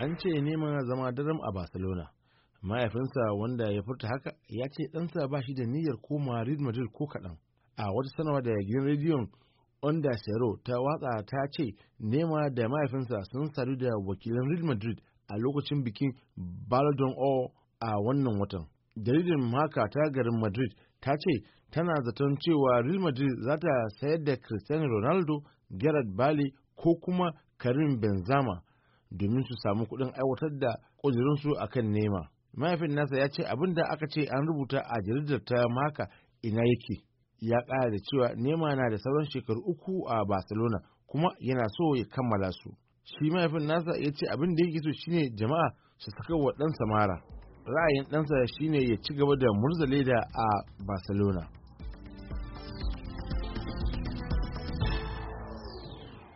an ce na zama daren a barcelona mahaifinsa wanda ya furta haka ya ce ɗansa ba shi da niyyar koma real madrid ko kaɗan a wata sanarwa da gidan rediyon onda sero ta watsa ta ce nema da mahaifinsa sun sadu da wakilin real madrid a lokacin bikin ballon O a wannan watan jaridar haka ta garin madrid ta ce tana zaton cewa real madrid za ta sayar da cristiano ronaldo gerard bale ko kuma karim benzema domin su samu kuɗin aiwatar da ƙudurinsu a kan nema. Mahaifin nasa ya ce abin da aka ce an rubuta a jaridar ta maka ina yake. Ya ƙara da cewa nema na da sauran shekaru uku a Barcelona kuma yana so ya kammala su. Shi mahaifin nasa ya ce abin da yake so shine jama'a su saka wa ɗansa mara. Ra'ayin ɗansa shine ya ci gaba da murzale da a Barcelona.